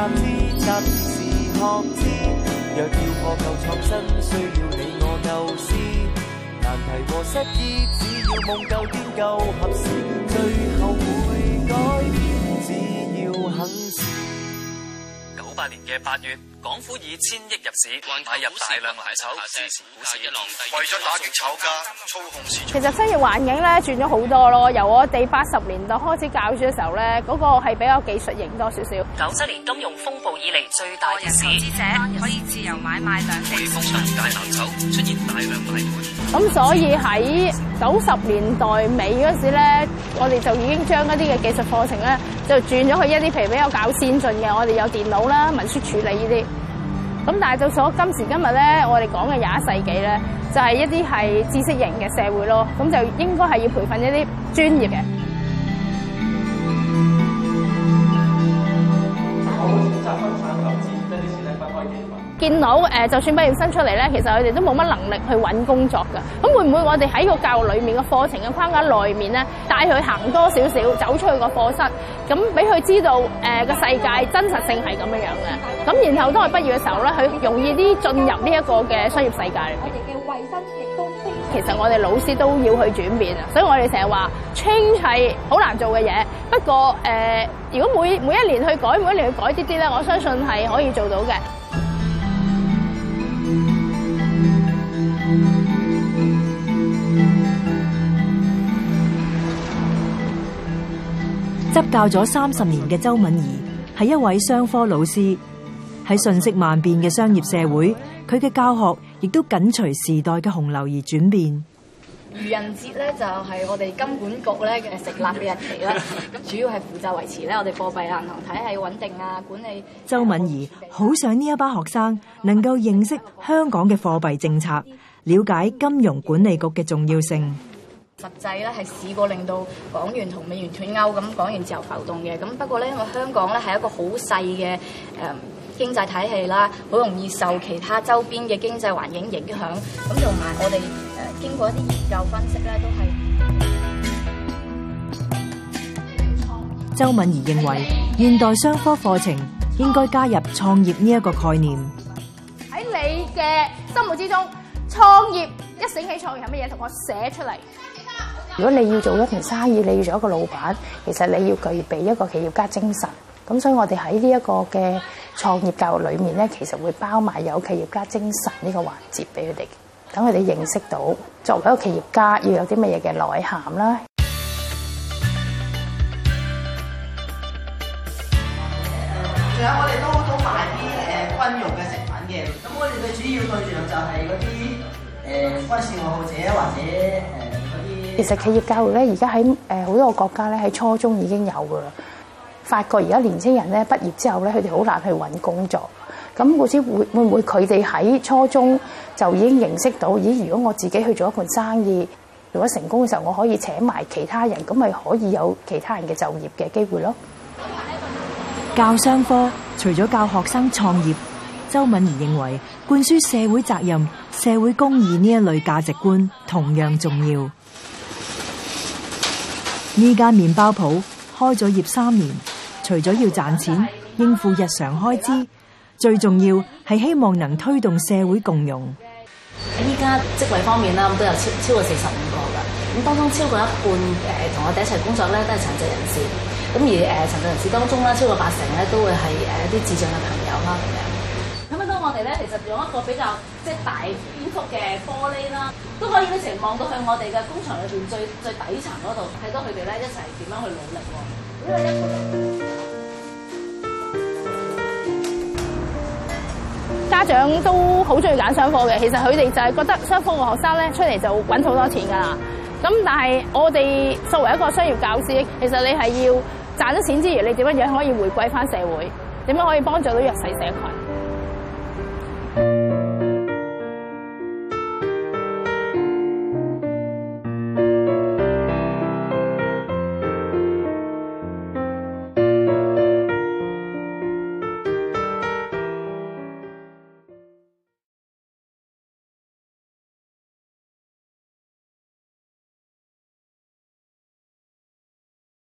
知，及時學知。若要破舊創新，需要你我舊思。難題和失意，只要夢夠甜夠合時，最後會改變，只要肯試。八年嘅八月，港府以千億入市，帶入大量買手，於是股市一浪低，為咗打擊炒家，操控市場。其實商業環境咧轉咗好多咯，由我哋八十年代開始教書嘅時候咧，嗰、那個係比較技術型多少少。九七年金融風暴以嚟最大嘅市。個人投資者可以自由買賣兩地。避風新界樓手出現大量買盤。咁所以喺九十年代尾嗰陣時咧，我哋就已經將一啲嘅技術課程咧。就轉咗去一啲譬如比較較先進嘅，我哋有電腦啦、文書處理呢啲。咁但係到咗今時今日咧，我哋講嘅廿一世紀咧，就係、是、一啲係知識型嘅社會咯。咁就應該係要培訓一啲專業嘅。見到誒，就算畢業生出嚟咧，其實佢哋都冇乜能力去揾工作噶。咁會唔會我哋喺個教育裡面嘅課程嘅框架裏面咧，帶佢行多少少，走出去個課室，咁俾佢知道誒個世界真實性係咁樣樣嘅。咁然後當佢畢業嘅時候咧，佢容易啲進入呢一個嘅商業世界。我哋嘅衞生亦都其實我哋老師都要去轉變啊。所以我哋成日話 change 係好難做嘅嘢。不過誒、呃，如果每每一年去改，每一年去改啲啲咧，我相信係可以做到嘅。執教咗三十年嘅周敏儀係一位商科老師。喺信息萬變嘅商業社會，佢嘅教學亦都緊隨時代嘅洪流而轉變。愚人節咧，就係我哋金管局咧嘅成立嘅日期啦。咁主要係負責維持咧我哋貨幣銀行體系穩定啊，管理。周敏儀好想呢一班學生能夠認識香港嘅貨幣政策。了解金融管理局嘅重要性，實際咧係試過令到港元同美元脫鈎咁，港元自由浮動嘅。咁不過咧，因為香港咧係一個好細嘅誒經濟體系啦，好容易受其他周邊嘅經濟環境影響。咁同埋我哋誒經過一啲研究分析咧，都係周敏儀認為現代商科課程應該加入創業呢一個概念。喺你嘅心目之中，創業，一醒起創業係乜嘢？同我寫出嚟。如果你要做一件生意，你要做一個老闆，其實你要具備一個企業家精神。咁所以我哋喺呢一個嘅創業教育裡面咧，其實會包埋有企業家精神呢個環節俾佢哋，等佢哋認識到作為一個企業家要有啲乜嘢嘅內涵啦。仲有我哋都好都買啲誒軍用嘅食物。咁我哋嘅主要對象就係嗰啲誒，非事愛好者，或者誒嗰啲。其實企業教育咧，而家喺誒好多國家咧，喺初中已經有噶啦。發覺而家年青人咧畢業之後咧，佢哋好難去搵工作。咁或者會會唔會佢哋喺初中就已經認識到，咦？如果我自己去做一盤生意，如果成功嘅時候，我可以請埋其他人，咁咪可以有其他人嘅就業嘅機會咯？教商科，除咗教學生創業。周敏儀認為，灌輸社會責任、社會公義呢一類價值觀同樣重要。呢間麵包鋪開咗業三年，除咗要賺錢、應付日常開支，最重要係希望能推動社會共融。喺依家職位方面啦，都有超超過四十五個噶，咁當中超過一半誒同我哋一齊工作咧都係殘疾人士，咁而誒殘疾人士當中咧超過八成咧都會係誒一啲智障嘅朋友啦。我哋咧，其實用一個比較即係大篇幅嘅玻璃啦，都可以一齊望到向我哋嘅工場裏邊最最底層嗰度，睇到佢哋咧一齊點樣去努力。家長都好中意揀商科嘅，其實佢哋就係覺得商科嘅學生咧出嚟就揾好多錢㗎啦。咁但係我哋作為一個商業教師，其實你係要賺咗錢之餘，你點樣樣可以回饋翻社會？點樣可以幫助到弱勢社群？